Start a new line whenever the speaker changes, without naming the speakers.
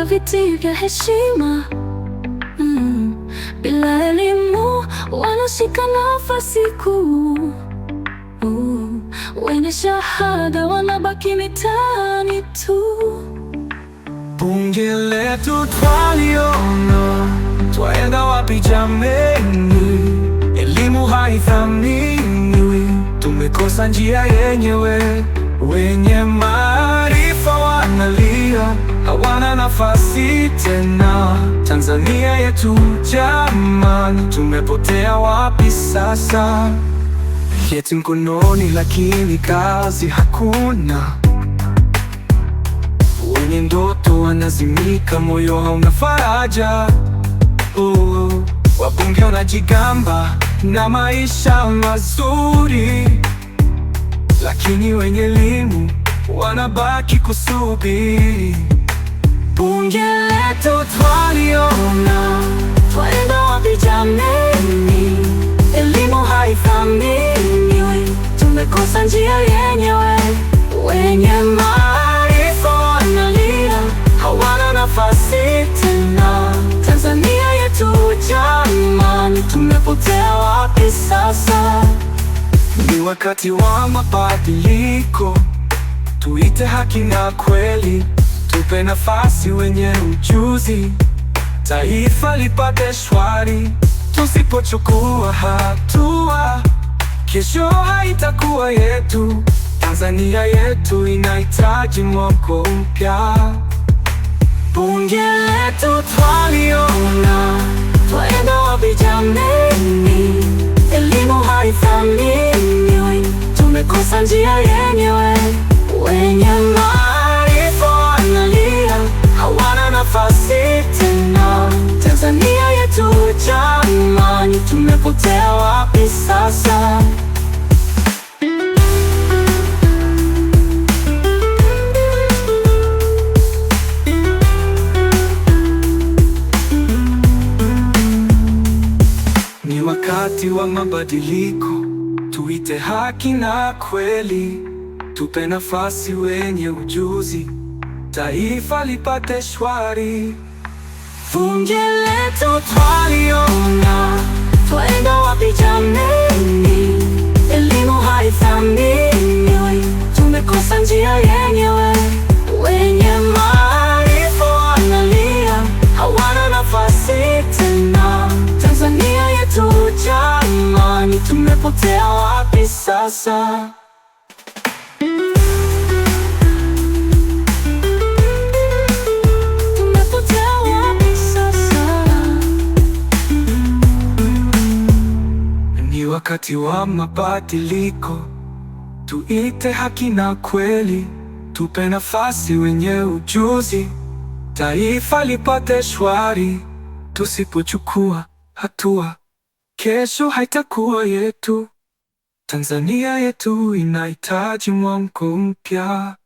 na viti vya heshima mm. Bila elimu wanashika nafasi kuu uh. Wenye shahada wanabaki mitaani tu.
Bunge letu twaliona, twaenda wapi jameni? Elimu haithaminiwi, tumekosa njia yenyewe wenye ma analia, hawana nafasi tena. Tanzania yetu jamani, tumepotea wapi sasa? Vyeti mkononi, lakini kazi hakuna. Wenye ndoto wanazimika, moyo hauna faraja. Uh, wabunge wanajigamba na maisha mazuri, lakini wenye elimu wanabaki kusubiri bunge letu twaliona, twaenda wapi jameni? Elimu haithaminiwi, tumekosa njia yenyewe. Wenye maarifa wanalia, hawana nafasi tena. Tanzania yetu jamani, tumepotea wapi sasa? Ni wakati wa mabadiliko tuite haki na kweli, tupe nafasi wenye ujuzi, taifa lipate shwari. Tusipochukua hatua, kesho haitakuwa yetu. Tanzania yetu inahitaji mwamko mpya. Bunge letu twaliona, twaenda vijaneni, elimu haithaminiwi, tumekosa njia yenyewe wenye maarifa analia, hawana nafasi tena. Tanzania yetu jamani, tumepotea wapi sasa? Ni wakati wa mabadiliko, tuite haki na kweli tupe nafasi wenye ujuzi, taifa lipate shwari. Funge letu twaliona, twaenda wapi jameni? Elimu haithaminiwi, tumekosa njia yenyewe. Wenye maarifa wanalia, hawana nafasi tena. Tanzania yetu jamani, tumepotea wapi sasa? wakati wa mabadiliko, tuite haki na kweli, tupe nafasi wenye ujuzi, taifa lipate shwari. Tusipochukua hatua, kesho haitakuwa yetu. Tanzania yetu inahitaji mwamko mpya.